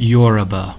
Yoruba